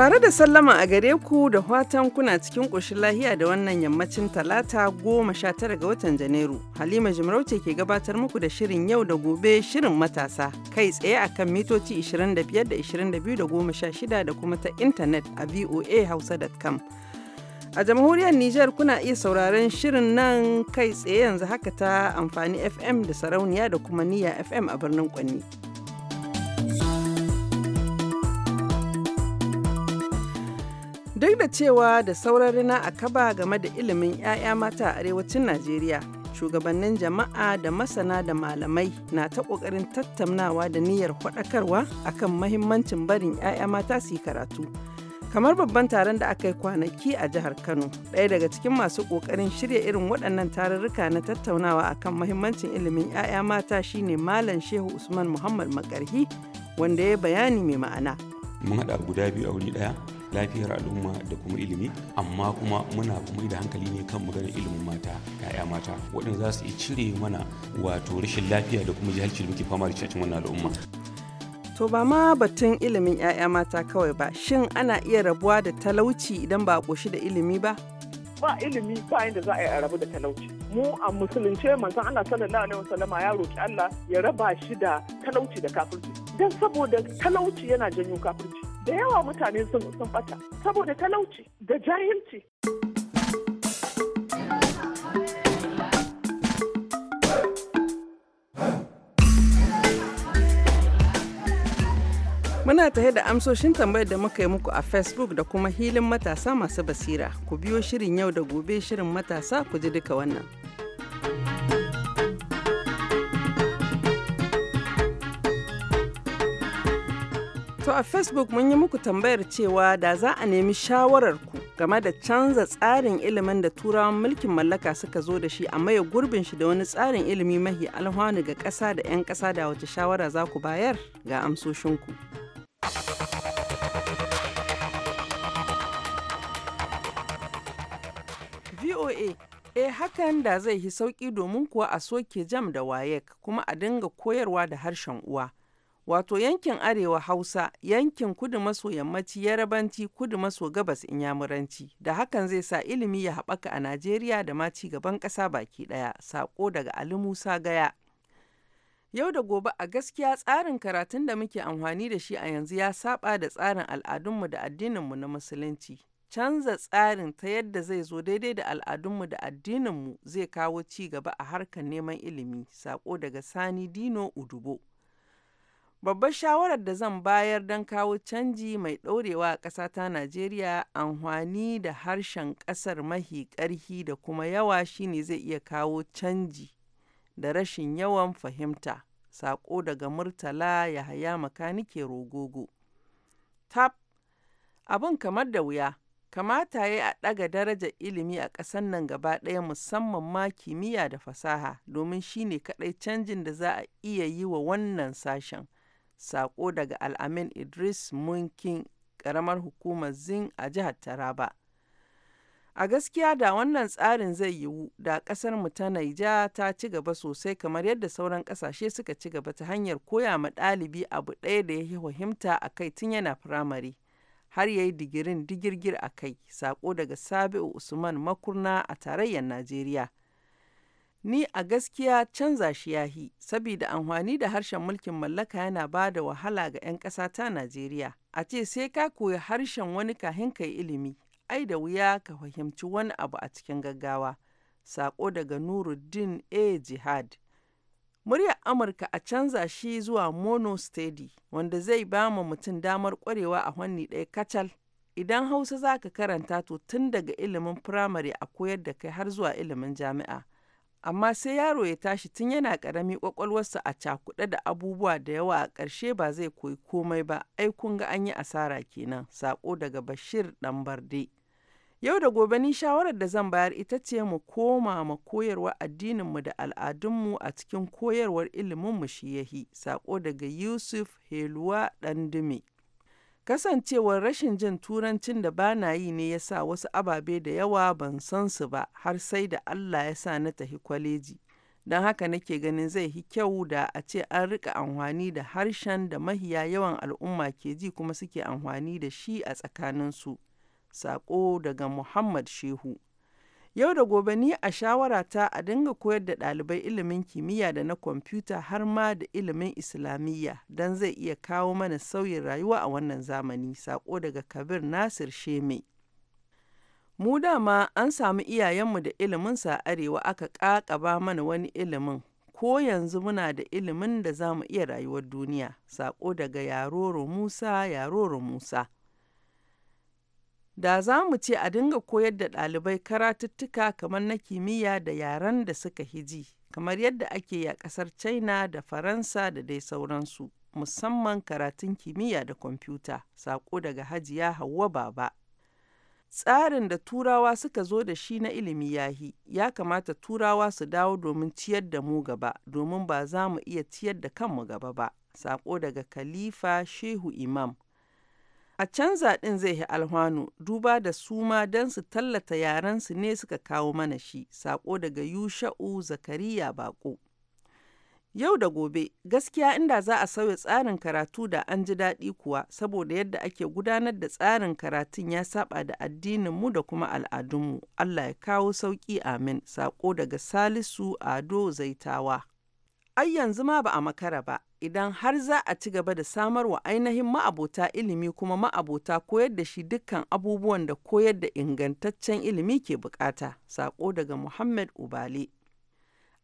Tare da sallama a gare ku da watan kuna cikin ƙoshin lahiya da wannan yammacin talata goma sha tara ga watan Janairu. Halima Jimarauce ke gabatar muku da shirin yau da gobe shirin matasa kai tsaye a kan mitoci 25 da 22 da goma sha shida da kuma ta intanet a voahausa.com. A jamhuriyar Nijar kuna iya sauraron shirin nan kai tsaye yanzu haka ta amfani FM da sarauniya da kuma niya FM a birnin Kwanni. Duk da cewa da sauran rina a kaba game da ilimin 'ya'ya mata a arewacin Najeriya, shugabannin jama'a da masana da malamai na ta ƙoƙarin tattaunawa da niyyar faɗakarwa akan mahimmancin barin 'ya'ya mata su yi karatu. Kamar babban taron da aka yi kwanaki a jihar Kano, ɗaya daga cikin masu ƙoƙarin shirya irin waɗannan tarurruka na tattaunawa akan mahimmancin ilimin 'ya'ya mata shine Malam Shehu Usman Muhammad Makarhi, wanda ya bayani mai ma'ana. Mun haɗa guda biyu a wuri ɗaya, lafiyar al'umma da kuma ilimi amma kuma muna mai da hankali ne kan maganar ilimin mata ya'ya mata waɗanda za su cire mana wato rashin lafiya da kuma jahilci da muke fama da cikin wannan al'umma To ba ma batun ilimin 'ya'ya mata kawai ba, shin ana iya rabuwa da talauci idan ba a ƙoshi da ilimi ba? Ba ilimi ba inda za a yi a rabu da talauci. Mu a musulunce manzon Allah sallallahu alaihi wasallama ya roki Allah ya raba shi da talauci da kafirci. Don saboda talauci yana janyo kafirci. da yawa mutane sun bata saboda talauci da jahilci. Muna tahe da amsoshin tambayar da muka yi muku a Facebook da kuma hilin matasa masu basira. Ku biyo shirin yau da gobe shirin matasa ku ji duka wannan. a Facebook mun yi muku tambayar cewa da za a nemi shawarar ku game da canza tsarin ilimin da turawan mulkin mallaka suka zo da shi a maye gurbin shi da wani tsarin ilimi mahi alhwani ga ƙasa da 'yan ƙasa da wace shawara za ku bayar ga amsoshinku. VOA E eh, hakan da zai yi sauƙi domin kuwa a soke jam da wayek kuma a dinga koyarwa da harshen uwa. wato yankin arewa hausa yankin kudu maso yammaci yarabanci kudu maso gabas inyamuranci da hakan zai sa ilimi ya haɓaka a najeriya da ma ci gaban ƙasa baki ɗaya saƙo daga ali musa gaya yau da gobe a gaskiya tsarin karatun da muke amfani da shi a yanzu ya saba da tsarin al'adunmu da addininmu na musulunci canza tsarin ta yadda zai zo daidai da al'adunmu da addininmu zai kawo ci gaba a harkar neman ilimi sako daga sani dino udubo Babbar shawarar da zan bayar don kawo canji mai ɗorewa a ƙasa ta Najeriya amfani da harshen ƙasar mahi ƙarhi da kuma yawa shine zai iya kawo canji da rashin yawan fahimta. saƙo daga Murtala Yahaya Makanike Rogogo. TAP abin kamar da wuya, kamata ya a ɗaga daraja ilimi a ƙasar nan gaba ɗaya musamman ma kimiyya da fasaha domin shine kaɗai canjin da za a iya yi wa wannan sashen. Sako daga al'amin Idris Munkin, karamar hukumar Zin a jihar Taraba. A gaskiya da wannan tsarin zai yiwu da ƙasar mu ta Naija ta ci gaba sosai kamar yadda sauran ƙasashe suka ci gaba ta hanyar koya ma ɗalibi abu ɗaya da ya yi fahimta a kai tun yana firamare. Har ya yi digirin digirgir a kai, sako daga Sabi'u Usman Makurna a tarayyar Najeriya. Ni a gaskiya canza shi ya yi, saboda amfani da harshen mulkin mallaka yana ba da wahala ga 'yan ƙasa ta Najeriya. A ce sai ka koyi harshen wani kahin kayi ilimi, ai da wuya ka fahimci wani abu a cikin gaggawa. Sako daga nuruddin A. Jihad. Muryar Amurka a canza shi zuwa mono steady wanda zai ba mu mutum damar ƙwarewa a fanni ɗaya kacal. Idan Hausa za ka karanta to tun daga ilimin firamare a koyar da kai har zuwa ilimin jami'a. amma sai yaro ya tashi tun yana ƙarami ƙwaƙwalwarsa a cakuɗe da abubuwa da yawa a ƙarshe ba zai koyi komai ba ai kun ga an yi asara kenan sako daga bashir ɗan barde yau da gobe ni shawarar da zan bayar ita ce mu koma ma koyarwar addininmu da al'adunmu a cikin koyarwar iliminmu shi yahi sako daga yusuf heluwa ɗan dume Kasancewar rashin jin Turancin da ba na yi ne ya sa wasu ababe da yawa ban san su ba har sai da Allah ya sa na tafi kwaleji. Don haka nake ganin zai hi kyau da a ce an rika amfani da harshen da mahiya yawan al'umma ke ji kuma suke amfani da shi a tsakaninsu. Sako daga Muhammad Shehu. Yau da gobe ni a shawarata a dinga koyar da ɗalibai ilimin kimiyya da na kwamfuta har ma da ilimin islamiyya don zai iya kawo mana sauyin rayuwa a wannan zamani. Sako daga Kabir Nasir Sheme. Mu dama an samu iyayenmu da ilimin sa arewa aka ƙaƙaba mana wani ilimin. Ko yanzu muna da ilimin da za mu iya rayuwar duniya. Sako daga Yaroro Musa Yaroro Musa. Da za mu ce a dinga koyar da ɗalibai karatuttuka kamar na kimiyya da yaren da suka hiji, kamar yadda ake yi a ƙasar China da Faransa da dai sauransu, musamman karatun kimiyya da kwamfuta, sako daga Hajiya Hauwa Baba. tsarin da turawa suka zo da shi na ilimi yahi ya kamata turawa su dawo domin ciyar da mu gaba domin ba za mu iya ciyar da kanmu gaba ba sako daga khalifa shehu imam A canzaɗin zaɗin zai yi alhwano, duba da suma don su tallata yarensu ne suka kawo mana shi, saƙo daga Yusha'u Zakariya bako. Yau da gobe, gaskiya inda za a sauya tsarin karatu da an ji daɗi kuwa, saboda yadda ake gudanar da tsarin karatun ya saba da addininmu da kuma al'adunmu. Allah ya kawo sauƙi amin, saƙo daga Salisu Ado Zaitawa. ai yanzu ma ba a makara ba idan har za a ci gaba da samar wa ainihin ma'abota ilimi kuma ma'abota koyar da shi dukkan abubuwan da koyar da ingantaccen ilimi ke bukata sako daga muhammad ubale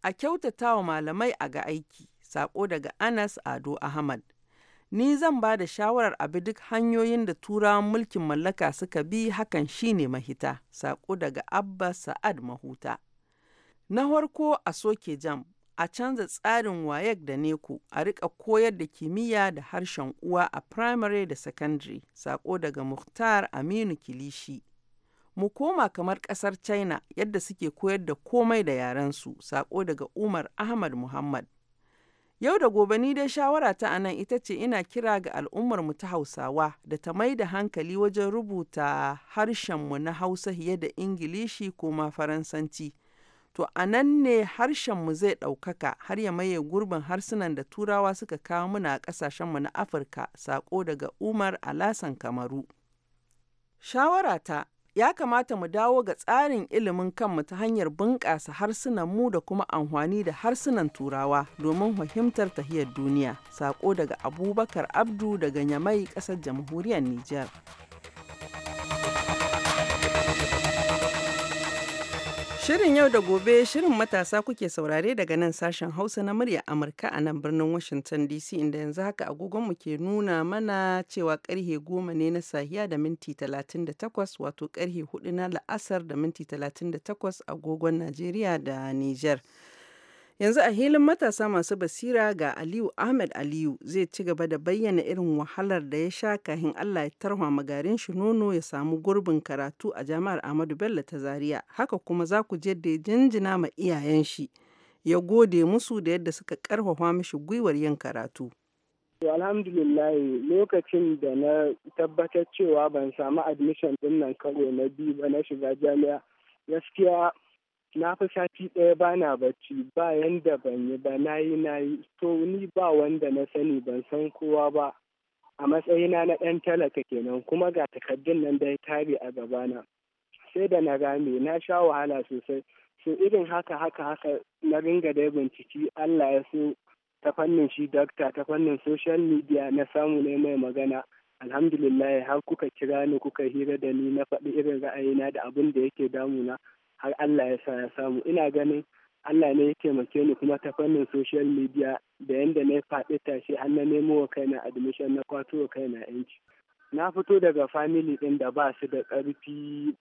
a kyautata wa malamai a ga aiki sako daga anas ado ahmad ni zan ba da shawarar abi duk hanyoyin da turawan mulkin mallaka suka bi hakan shine mahita sako daga abba sa'ad mahuta na farko a soke jam a canza tsarin wayek da neko a rika koyar da kimiyya da harshen uwa a firamare da sakandare, sako daga muhtar Aminu Kilishi. Mu koma kamar kasar China yadda suke koyar da komai da yarensu, sako daga Umar Ahmad Muhammad. Yau da gobe ni dai shawara ta anan ita ce ina kira ga al'ummar mu ta Hausawa da ta mai da hankali wajen rubuta harshenmu na Hausa fiye da Ingilishi ko ma Faransanci. To a nan ne harshenmu zai ɗaukaka har ya maye gurbin harsunan da turawa suka kawo muna a ƙasashenmu na Afirka, saƙo daga Umar Alasan Kamaru. shawara ta ya kamata mu dawo ga tsarin ilimin kanmu ta hanyar bunƙasa harsunan mu da kuma amfani da harsunan turawa domin fahimtar tahiyar duniya. Saƙo daga Abubakar Abdu daga Nyamai, ƙasar jamhuriyar Nijar. Shirin yau da gobe shirin matasa kuke saurare daga nan sashen Hausa na murya Amurka a nan birnin Washington DC inda yanzu haka agogonmu ke nuna mana cewa karhe goma ne na sahiya da minti 38 wato karhe hudu na la'asar da minti 38 agogon Najeriya da Nijar. Yanzu a hilin matasa masu basira ga Aliyu Ahmed Aliyu zai ci gaba da bayyana irin wahalar da ya sha kahin Allah ya tarwa magarin shi nono ya samu gurbin karatu a jami'ar Ahmadu Bello ta Zaria. Haka kuma za ku je da ya jinjina ma iyayen shi. Ya gode musu da yadda suka karfafa mishi gwiwar yin karatu. To alhamdulillah lokacin da na tabbatar cewa ban samu admission din nan karo na biyu ba na shiga jami'a gaskiya na fi sati ɗaya ba na bacci ba yanda ban yi ba na yi na yi to ni ba wanda na sani ban san kowa ba a matsayina na ɗan talaka kenan kuma ga takardun nan da ya tare a gabana sai da na game na sha wahala sosai so irin haka haka haka na ringa dai binciki Allah ya so ta fannin shi dakta ta fannin social media na samu ne mai magana alhamdulillah har kuka kira ni kuka hira da ni na faɗi irin ra'ayina da abin da yake damuna har Allah ya ya samu ina ganin Allah ne ya taimake ni kuma ta fannin social media da yanda na faɗi tashi har na nemo wa kaina admission na kwato wa kaina yanci na fito daga family ɗin da ba su da ƙarfi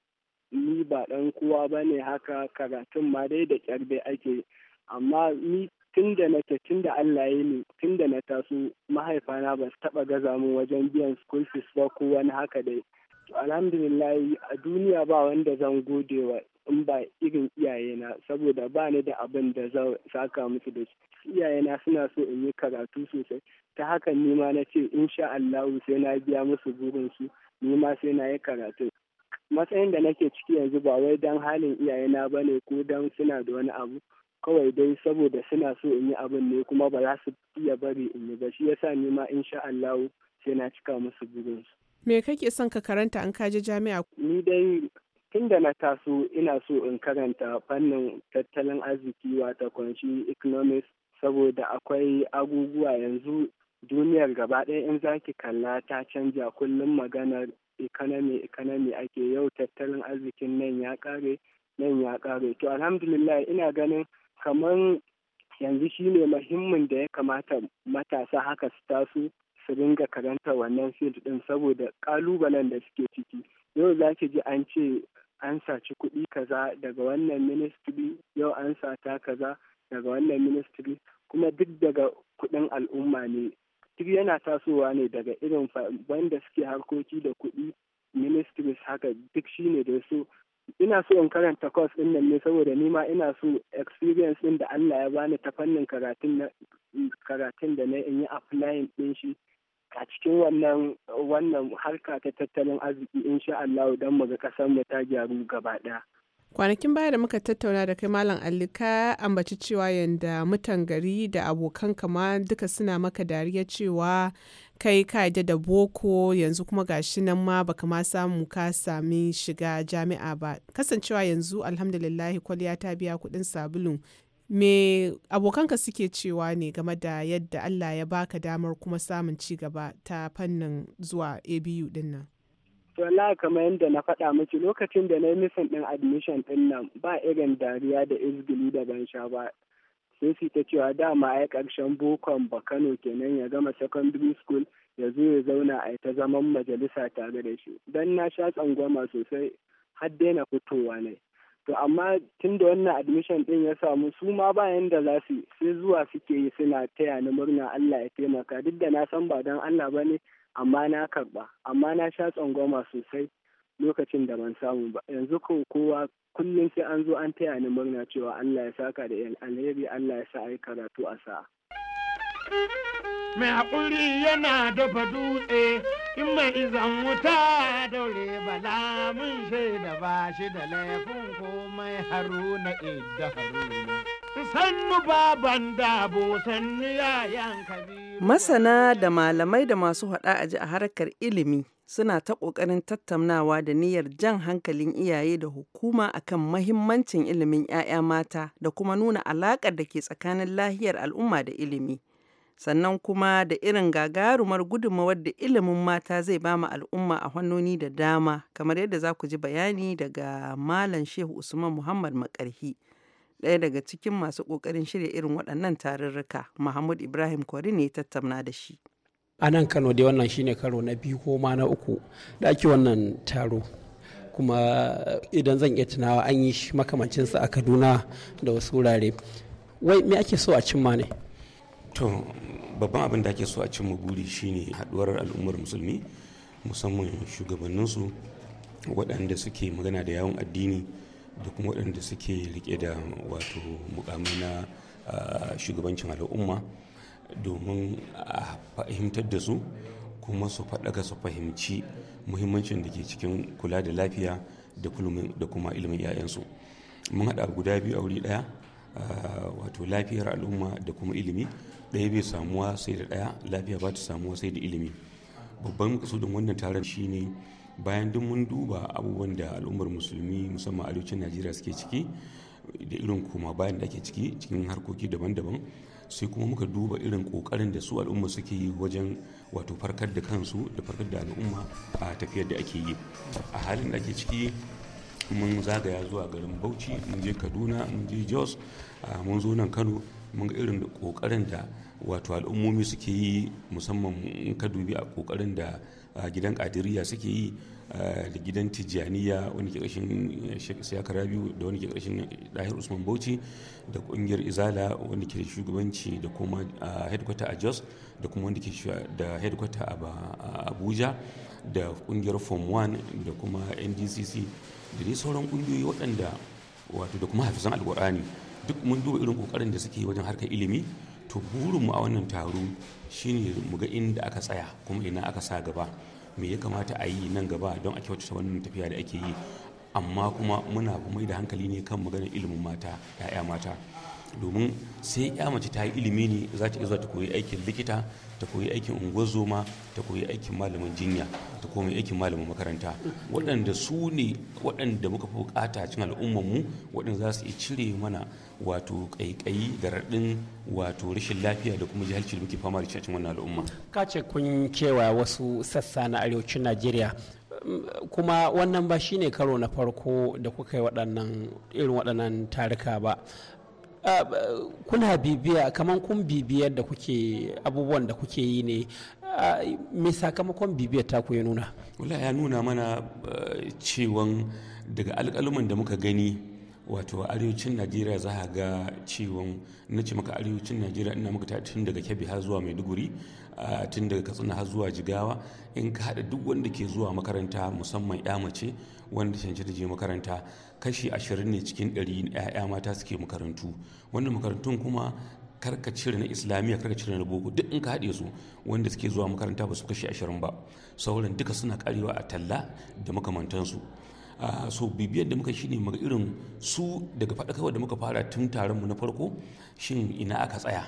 ni ba ɗan kowa ba ne haka karatun ma dai da ƙyar dai ake amma ni tun da nake tun da Allah ya ni tun da na taso mahaifana ba su taɓa gaza min wajen biyan school fees ba ko wani haka dai alhamdulillah a duniya ba wanda zan gode wa in ba irin iyayena saboda ba ni da abin da zan saka musu da shi iyayena suna so in yi karatu sosai ta ni nima na ce in sha Allah sai na biya musu burinsu nima sai na yi karatu matsayin da nake ciki yanzu ba wai dan halin iyayena ba ne ko don suna da wani abu kawai dai saboda suna so in yi abin ne kuma ba za su iya bari in yi ba shi yasa nima insha Allah sai na cika musu burinsu. Me kake son ka karanta an kaje jami'a? Ni dai tun da na taso ina so in karanta fannin tattalin arziki wata kwanshi economics saboda akwai abubuwa yanzu duniyar gaba ɗaya in zaki kalla ta canja kullum maganar economy economy ake yau tattalin arzikin nan ya kare nan ya kare to alhamdulillah ina ganin kamar yanzu shi ne muhimmin da ya kamata matasa haka su taso su ringa karanta wannan field din saboda kalubalen da suke ciki yau za ki ji an ce an saci kuɗi kaza daga wannan ministry yau an sata kaza daga wannan ministry kuma duk daga kuɗin al'umma ne duk yana tasowa ne daga irin wanda suke harkoki da kuɗi ministries haka duk shine da su ina so in karanta kwas ɗinnan nan ne saboda ni ma ina so experience ɗin da Allah ya bani ta fannin karatun da na in yi applying ɗin shi a cikin wannan wannan harka ta tattalin arziki insha Allah don mu ga kasar mu ta gyaru gaba ɗaya. Kwanakin baya da muka tattauna da kai Malam Ali ka ambaci cewa yanda mutan gari da abokan kama duka suna maka dariya cewa kai ka da boko yanzu kuma gashi nan ma baka ma samu ka sami shiga jami'a ba kasancewa yanzu alhamdulillah kwaliya ta biya kudin sabulun. me abokanka suke cewa ne game da yadda Allah ya baka damar kuma samun ci gaba ta fannin zuwa ABU din nan? Wala kamar yadda na faɗa miki lokacin da na yi nufin ɗin admission ɗin nan ba irin dariya da izgili da ban sha ba. Sai ta cewa dama ai ƙarshen bokon Bakano kenan ya gama secondary school ya zo ya zauna a ta zaman majalisa tare da shi. Don na sha tsangwama sosai har daina fitowa ne. to amma tun da wannan admission din ya samu su ma bayan da za su sai zuwa suke yi suna taya ni murna Allah ya taimaka duk da na san ba don Allah ba ne amma na karba amma na sha tsangwama sosai lokacin da ban samu ba yanzu ko kowa kullum sai an zo an taya ni murna cewa Allah ya saka da alheri Allah ya sa ai karatu a sa'a mai haƙuri yana dafa dutse in mai izan wuta daure bala mun shaida ba shi da laifin komai haruna idda haruna sannu baban dabo sannu yayan kabiru masana da malamai da masu haɗa ji a harkar ilimi suna ta ƙoƙarin tattaunawa da niyyar jan hankalin iyaye da hukuma akan mahimmancin ilimin 'ya'ya mata da kuma nuna alaƙar da ke tsakanin lahiyar al'umma da ilimi. sannan kuma da irin gagarumar gudunmawar da ilimin mata zai ba mu al'umma a hannuni da dama kamar yadda za ku ji bayani daga malam shehu usman muhammad makarhi ɗaya daga cikin masu ƙoƙarin shirya irin waɗannan tarurruka mahmud ibrahim kwari ne tattauna da shi a nan kano dai wannan shine karo na biyu ko ma na uku da ake wannan taro kuma idan zan iya tunawa an yi makamancinsa a kaduna da wasu wurare wai me ake so a cimma ne to babban abin da ake so a cimma buri shine haduwar al'ummar musulmi musamman shugabanninsu waɗanda suke magana da yawon addini da kuma waɗanda suke rike da wato mukamai na shugabancin al'umma domin a fahimtar da su kuma su faɗaka su fahimci muhimmancin da ke cikin kula da lafiya da kuma ilimin 'ya'yansu mun haɗa guda biyu a wuri ɗaya wato lafiyar al'umma da kuma ilimi ɗaya bai samuwa sai da ɗaya lafiya ba ta samuwa sai da ilimi babban kasudin wannan taron shine bayan duk mun duba abubuwan da al'ummar musulmi musamman arewacin najeriya suke ciki da irin koma bayan da ake ciki cikin harkoki daban-daban sai kuma muka duba irin kokarin da su al'umma suke yi wajen wato farkar da kansu da farkar da al'umma a tafiyar da ake yi a halin da ake ciki mun zagaya zuwa garin bauchi mun je kaduna mun je jos mun zo nan kano mun ga irin kokarin da wato al'ummomi suke yi musamman in ka dubi a kokarin da gidan kadiriya suke yi da gidan tijjaniya wani ke ƙarshen eh, siyaka biyu da wani ke ƙarshen ɗahir eh, usman bauchi da ƙungiyar izala wani ke shugabanci da kuma headquarter a jos da kuma wani ke da headquarter a abuja da ƙungiyar form 1 da kuma ndcc da dai sauran ƙungiyoyi waɗanda wato da kuma hafizan alƙur'ani duk mun duba irin ƙoƙarin da suke wajen harkar ilimi to burinmu a wannan taro shine mu ga inda aka tsaya kuma ina aka sa gaba me ya kamata a yi nan gaba don a kyautata wannan tafiya da ake yi amma kuma muna mai da hankali ne kan maganar ilimin mata 'ya'ya mata domin sai ya mace ta yi ilimi ne za ta zuwa ta koyi aikin likita ta koyi aikin unguwar ta koyi aikin malamin jinya ta koyi aikin malamin makaranta waɗanda su ne waɗanda muka fi bukata cin al'ummanmu waɗanda za su iya cire mana wato ƙaiƙayi da raɗin wato rashin lafiya da kuma jahilci da muke fama da cin wannan al'umma ka ce kun kewa wasu sassa na arewacin najeriya kuma wannan ba shine karo na farko da kuka yi waɗannan irin waɗannan tarika ba Ah, kuna bibiya kamar kun bibiyar da kuke abubuwan da kuke yi ne ah, me sakamakon bibiyar ta ya nuna wala ya nuna mana ah, cewan daga alƙaluman da muka gani wato arewacin najeriya za a ga ciwon na ce maka arewacin najeriya ina maka tun daga kebbi har zuwa maiduguri tun daga katsina har zuwa jigawa in ka haɗa duk wanda ke zuwa makaranta musamman ya mace wanda da je makaranta kashi ashirin ne cikin ɗari ‘ya'ya mata suke makarantu wannan makarantun kuma karka cire na islamiyya karka cire na boko duk in ka haɗe su wanda suke zuwa makaranta ba su kashi ashirin ba sauran duka suna karewa a talla da makamantansu so bibiyar da muka shi ne maga irin su daga faɗakarwa da muka fara tun taron mu na farko shin ina aka tsaya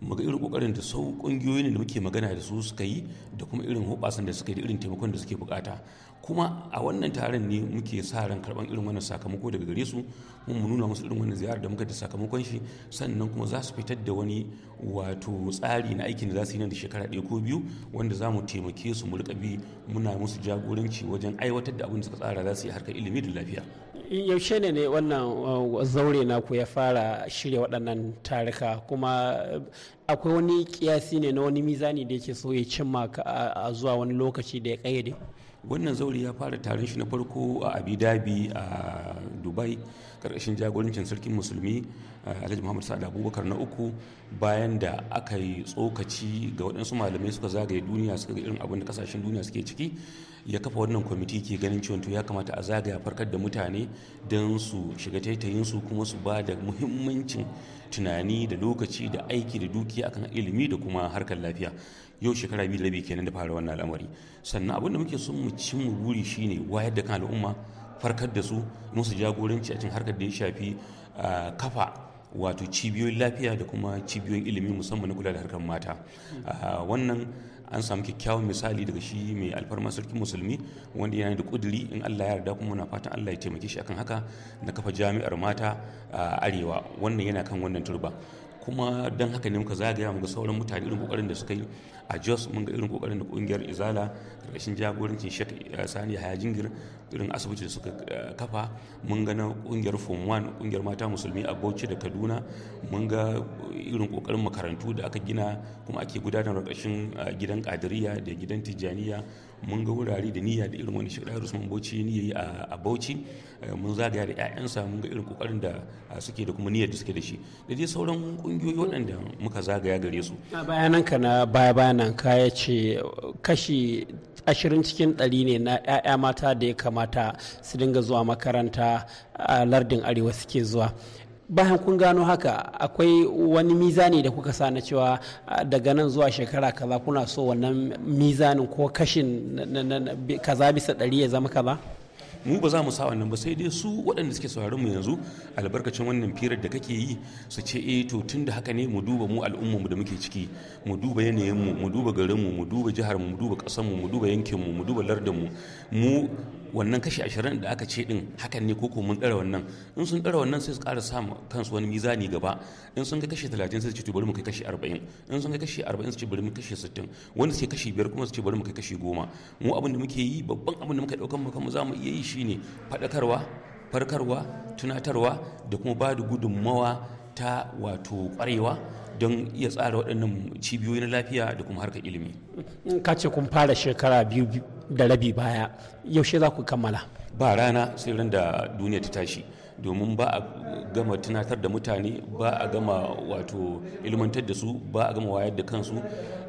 maga irin kokarin da sau kungiyoyin da muke magana da su suka yi da kuma irin hoɓasan da suka yi da irin taimakon da suke bukata kuma a wannan taron ne muke sa ran karban irin wannan sakamako daga gare su mun mu nuna musu irin wannan ziyarar da muka da sakamakon shi sannan kuma za su fitar da wani wato tsari na aikin da za su yi nan da shekara ɗaya ko biyu wanda za mu taimake su mu rika bi muna musu jagoranci wajen aiwatar da abin da suka tsara za su yi harkar ilimi da lafiya yaushe ne ne wannan uh, zaure na ku ya fara shirya waɗannan tarika kuma akwai wani kiyasi ne na wani mizani da yake so ya cimma uh, a zuwa wani lokaci da ya ƙayyade wannan zauri ya fara taron shi na farko a abu dhabi a dubai karkashin jagorancin sarkin musulmi alhaji muhammad sa'ad abubakar na uku bayan da aka yi tsokaci ga waɗansu malamai suka zagaye duniya suka ga irin abin da kasashen duniya suke ciki ya kafa wannan kwamiti ke ganin cewa to ya kamata a zagaya farkar da mutane don su shiga taitayin su kuma su ba da muhimmancin tunani da lokaci da aiki da dukiya akan ilimi da kuma harkar lafiya yau shekara biyu rabi kenan da fara wannan al'amari sannan abin da muke son mu cin mu buri shine wayar da kan al'umma farkar da su musu jagoranci a cikin harkar da ya shafi kafa wato cibiyoyin lafiya da kuma cibiyoyin ilimi musamman na kula da harkar mata wannan an samu kyakkyawan misali daga shi mai alfarma sarki musulmi wanda yana da kuduri in Allah ya yarda kuma muna fatan Allah ya taimake shi akan haka na kafa jami'ar mata a arewa wannan yana kan wannan turba kuma don haka ne muka zagaya muga sauran mutane irin kokarin da suka yi a jos mun ga irin kokarin da kungiyar izala karkashin jagorancin shek eh, sani haya jingir irin asibiti da suka eh, kafa mun ga na kungiyar form kungiyar mata musulmi a bauchi da kaduna mun ga irin kokarin makarantu da aka gina kuma ake gudanar karkashin eh, gidan kadiriya da gidan tijjaniya mun ga wurare da niyya da irin wani shekara Usman Bauchi niyya yi a Bauchi eh, mun zagaya da ƴaƴansa mun ga irin kokarin da suke da kuma niyyar da suke da shi da dai sauran kungiyoyi waɗanda muka zagaya gare su a bayanan ka na baya bayanan ka ya ce kashi ashirin cikin ɗari ne na ƴaƴa mata da ya kamata su dinga zuwa makaranta a lardin arewa suke zuwa bayan kun gano haka akwai wani mizani da kuka sa na cewa daga nan zuwa shekara kaza kuna so wannan mizanin ko kashin kaza bisa ɗari ya zama kaza mu ba za mu sa wannan ba sai dai su waɗanda suke sauraron mu yanzu albarkacin wannan firar da kake yi su ce eh to tun da haka ne mu duba mu al'umma mu da muke ciki mu duba yanayin mu mu duba garin mu mu duba jihar mu mu duba ƙasar mu mu duba yankin mu mu duba lardin mu mu wannan kashi ashirin da aka ce din hakan ne koko mun ɗara wannan in sun ɗara wannan sai su ƙara sa kansu wani mizani gaba in sun ga kashi talatin sai su ce to bari mu kai kashi arba'in in sun ga kashi arba'in su ce bari mu kashi sittin Wani sai kashi biyar kuma su ce bari mu kai kashi goma mu abin da muke yi babban abin da muka ɗaukan mu za mu iya yi shine faɗakarwa farkarwa tunatarwa da kuma ba da gudunmawa ta wato ƙwarewa don iya tsara waɗannan cibiyoyi na lafiya da kuma harkar ilimi ka ce kun fara shekara biyu da rabi baya yaushe za ku kammala ba rana sai da duniya ta tashi domin ba a gama tunatar da mutane ba a gama wato ilmantar da su ba a gama wayar da kansu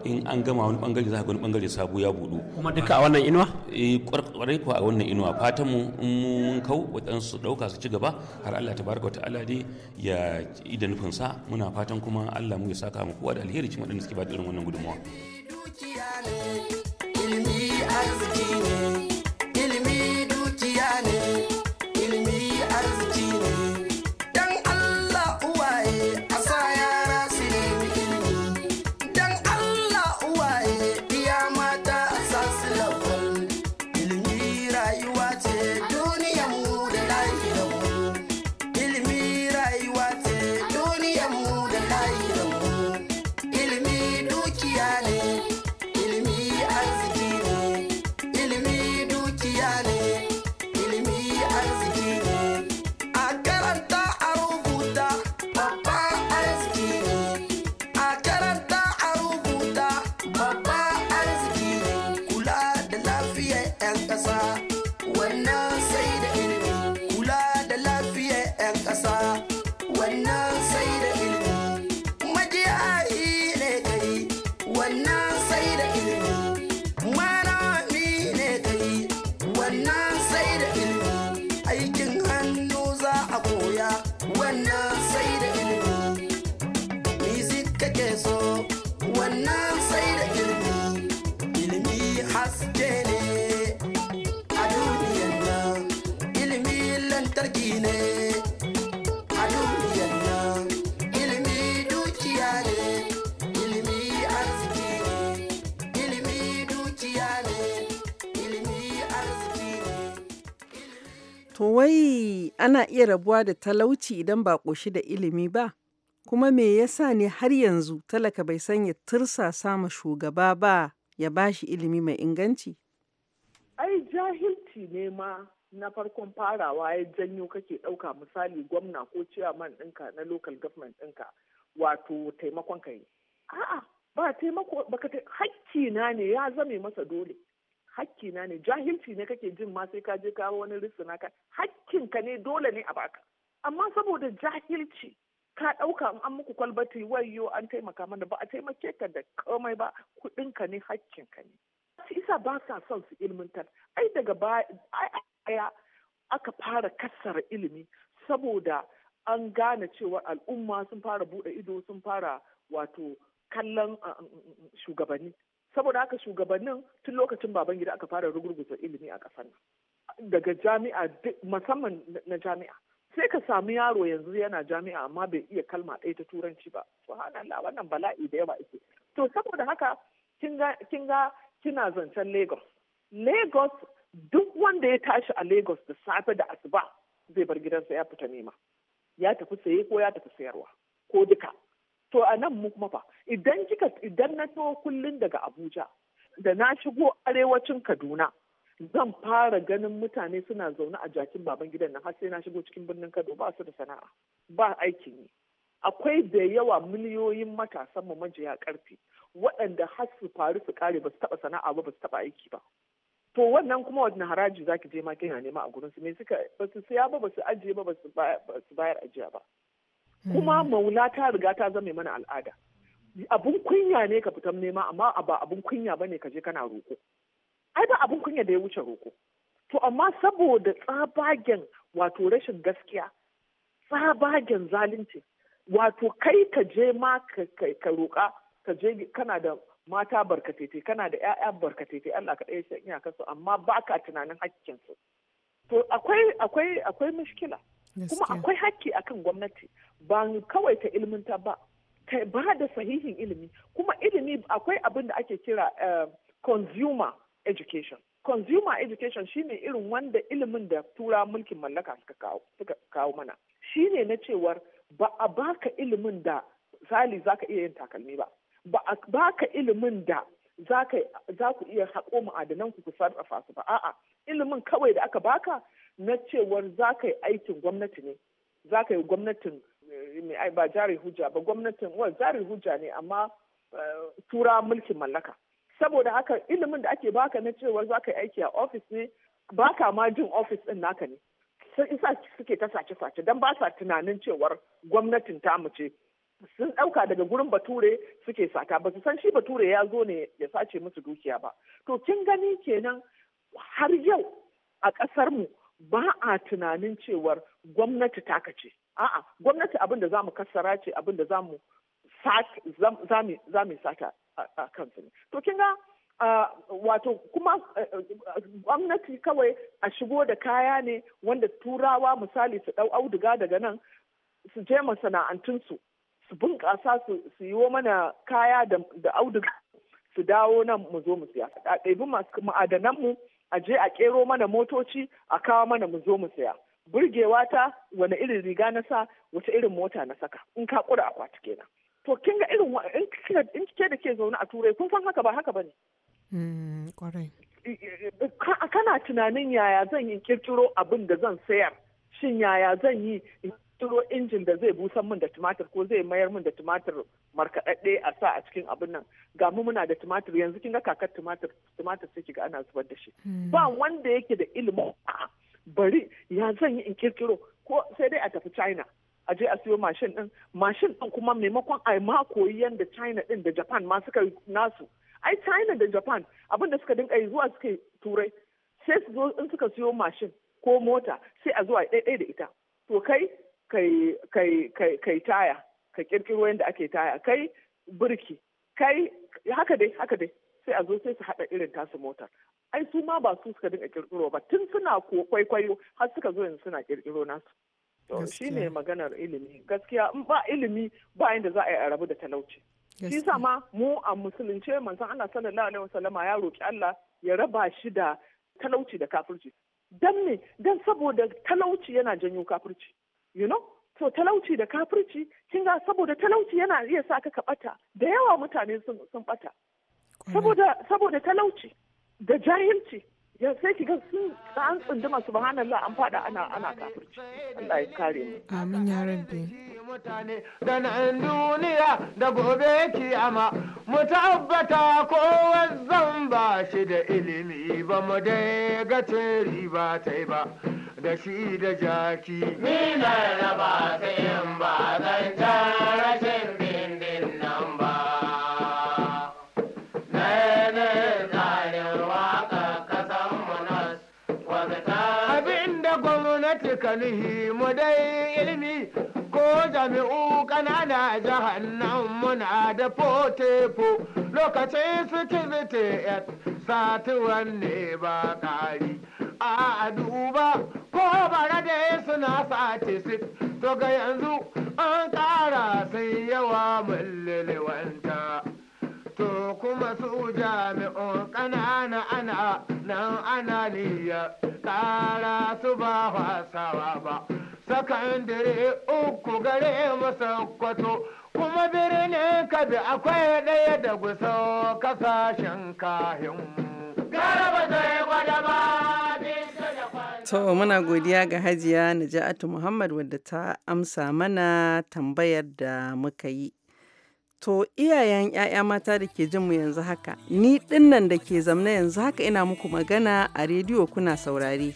in an gama wani bangare za a wani bangare sabo ya budu kuma duka a wannan inuwa eh kwarai kuwa a wannan inuwa fatan mu in mun kau wadansu ɗauka su ci gaba har Allah tabaraka ta'ala dai ya ida nufin sa muna fatan kuma Allah mu ya saka mu kowa da alheri cikin wadanda suke ba da irin wannan gudunmawa arziki To wai ana iya rabuwa da talauci idan ba ƙoshi da ilimi ba? Kuma me yasa ne har yanzu talaka bai sanya tursa ma shugaba ba ya bashi ilimi mai inganci? Ai jahilci ne ma na farkon farawa ya janyo kake ɗauka misali gwamna ko man ɗinka na local government ɗinka wato taimakon ka yi. A'a ba taimako ta hakki na ne ya zame masa dole. hakkina ne jahilci ne kake jin ma sai ka je kawo wani risina ka ne dole ne a baka amma saboda jahilci ka ɗauka in an muku kwalbati wayo an taimaka mana ba a taimake ka da komai ba ka ne ka ne shi isa ba sa son su ilmantar ai daga baya aka fara kassara ilimi saboda an gane cewa al'umma sun fara buɗe ido sun fara wato kallon uh, uh, uh, shugabanni saboda haka shugabannin tun lokacin baban gida aka fara rugurguza ilimi a ƙasar daga jami'a musamman na jami'a sai ka samu yaro yanzu yana jami'a amma bai iya kalma ɗaya ta turanci ba subhanallah wannan bala'i da yawa ake to saboda haka kin ga kina zancen lagos lagos duk wanda ya tashi a lagos da safe da asuba zai bar gidansa ya fita nema ya tafi saye ko ya tafi sayarwa ko duka to a nan mu kuma fa idan kika idan na to kullun daga Abuja da na shigo arewacin Kaduna zan fara ganin mutane suna zaune a jakin baban gidan nan har sai na shigo cikin birnin Kaduna ba su da sana'a ba aikin yi akwai da yawa miliyoyin matasan mu majiya karfi waɗanda har su faru su kare ba su taɓa sana'a ba ba su taɓa aiki ba to wannan kuma wani haraji zaki je ma kina nema a gurin su me suka ba su siya ba ba su ajiye ba ba su bayar ajiya ba kuma hmm. maula ta riga ta zame mana al'ada abun kunya ne ka fitan nema amma ba abun kunya bane ka je kana roko ai ba abun kunya da ya wuce roko to amma saboda tsabagen wato rashin gaskiya tsabagen zalunci wato kai ka je ma ka roka ka je kana da mata barkatete kana da 'ya'ya barkatete Allah ka ɗaya shi iyakarsu amma ba ka tunanin hakkinsu to akwai akwai akwai mushkila kuma akwai hakki akan gwamnati ba kawai ta ilminta ba ta ba da sahihin ilimi kuma ilimi akwai abin da ake kira eh, consumer education consumer education shine irin wanda ilimin da tura mulkin mallaka suka kawo mana shine na cewar ba a baka ilimin da zali zaka iya yin takalmi ba ba a baka ilimin da za ku iya haƙo ma'adanan ku sarrafa su ba a'a ilimin kawai da aka baka na cewar za ka yi aikin gwamnati ne za ka yi gwamnatin eh, ba jari hujja ba gwamnatin wa jari hujja ne amma eh, tura mulkin mallaka saboda haka ilimin da ake baka na cewar za ka yi aiki a ofis ne baka ma jin ofis ɗin naka ne sun isa suke ta sace-sace don ba sa tunanin cewar gwamnatin ta ce sun ɗauka daga gurin bature suke sata ba su san shi bature ya zo ne ya sace musu dukiya ba to kin gani kenan har yau a ƙasar mu ba a tunanin cewar gwamnati taka ce a'a gwamnati abin da za mu kassara ce abin da za mu sata a kansu ne to kin ga wato kuma gwamnati kawai a shigo da kaya ne wanda turawa misali su ɗau auduga daga nan su je masana'antunsu su bunƙasa su yi wa mana kaya da auduga su dawo nan mu zo mu siya a ɗabi masu ma'adananmu a je a kero mana motoci a kawo mana mu zo mu saya burgewa ta wani irin riga na sa wata irin mota na saka in ka kura akwati kenan to kin ga irin in kike da ke zaune a turai kun san haka ba haka bane hmm, kana tunanin yaya zan yi kirkiro abin da zan sayar shin yaya zan yi ciro injin da zai busan min da tumatir ko zai mayar min da tumatir markaɗaɗɗe a sa a cikin abin nan ga mu muna da tumatir yanzu kin ga kakar tumatir tumatir sai kiga ana zubar da shi hmm. ba wanda yake da ilimin bari ya zan yi in kirkiro ko sai dai a tafi china a je a siyo mashin din mashin din kuma maimakon a ma koyi yanda china din da japan ma suka nasu ai china da japan abin da suka dinka yi zuwa suka turai sai su zo in suka siyo mashin ko mota sai a zuwa ɗaiɗai da ita to kai kai taya ka kirkiro yadda ake taya kai birki kai haka dai haka dai sai a zo sai su haɗa irin tasu motar ai su ma ba su suka dinga kirkiro ba tun suna ko kwaikwayo har suka zo yanzu suna kirkiro nasu to shi ne maganar ilimi gaskiya in ba ilimi ba inda za a yi a rabu da talauci shi sama mu a musulunce manzon Allah sallallahu alaihi wasallama ya roki Allah ya raba shi da talauci da kafirci dan me dan saboda talauci yana janyo kafirci you know so talauci da kafirci kin ga saboda talauci yana iya sa ka bata da yawa mutane sun sun bata saboda saboda talauci da jahilci ya sai ki ga sun an tsunduma subhanallah an fada ana ana kafirci Allah ya kare mu amin ya rabbi mutane da na duniya da gobe kiyama mu tabbata ko zan ba shi da ilimi ba mu da ga ba tai ba da shi da jaki. Ni na raba ta yin ba zan rashin bindin nan ba. na Abinda gwamnati ka nuhi mu dai ilimi ko jami'u kanana jahannan muna da fotefo lokacin suke ya satuwan ne ba ƙari a duba bara da suna sace su to ga yanzu an ƙara sai yawa wanta to kuma su jami'un ƙanana ana nan ana niyya ƙara su ba wasawa ba sakandire uku gare masa kwato kuma birnin kabi akwai ɗaya da gusa kasashen kahin garaba zai gwada ba To muna godiya ga Hajiya Naja'atu Muhammad wadda ta amsa mana tambayar da muka yi. To iyayen ‘ya'ya mata da ke jinmu yanzu haka, ni dinnan da ke zamna yanzu haka ina muku magana a rediyo kuna saurare.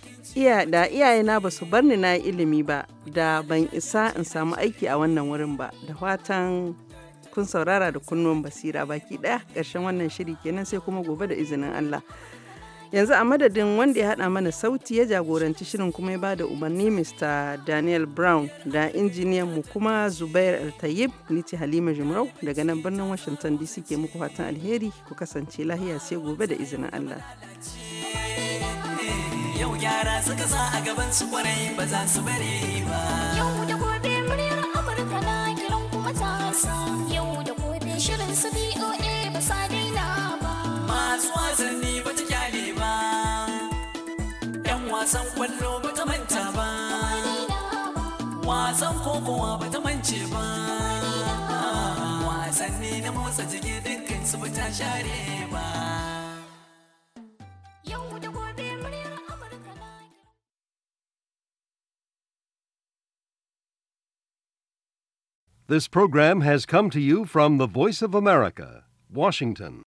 da iyayena ba su bar ni na ilimi ba, da ban isa in samu aiki a wannan wurin ba, da fatan kun saurara da kunnuwan basira baki ɗaya ƙarshen wannan shiri kenan sai kuma gobe da izinin Allah. yanzu a madadin wanda ya haɗa mana sauti ya jagoranci shirin kuma ya bada umarni mr daniel brown da injiniyan mu kuma zubair altayib ni ce halima jimrau daga nan birnin washington dc ke muku fatan alheri ku kasance lahiya sai gobe da izinin allah yau gyara suka sa a gaban su kwarai ba za su bari ba yau da gobe muryar amurka na kiran kuma ta yau da gobe shirin su boa ba sa daina ba masu wasanni ba ta kwallo ba ta manta ba wasan kokowa ba ta mance ba wasanni na motsa jiki dukkan su ba ta share ba This program has come to you from the Voice of America, Washington.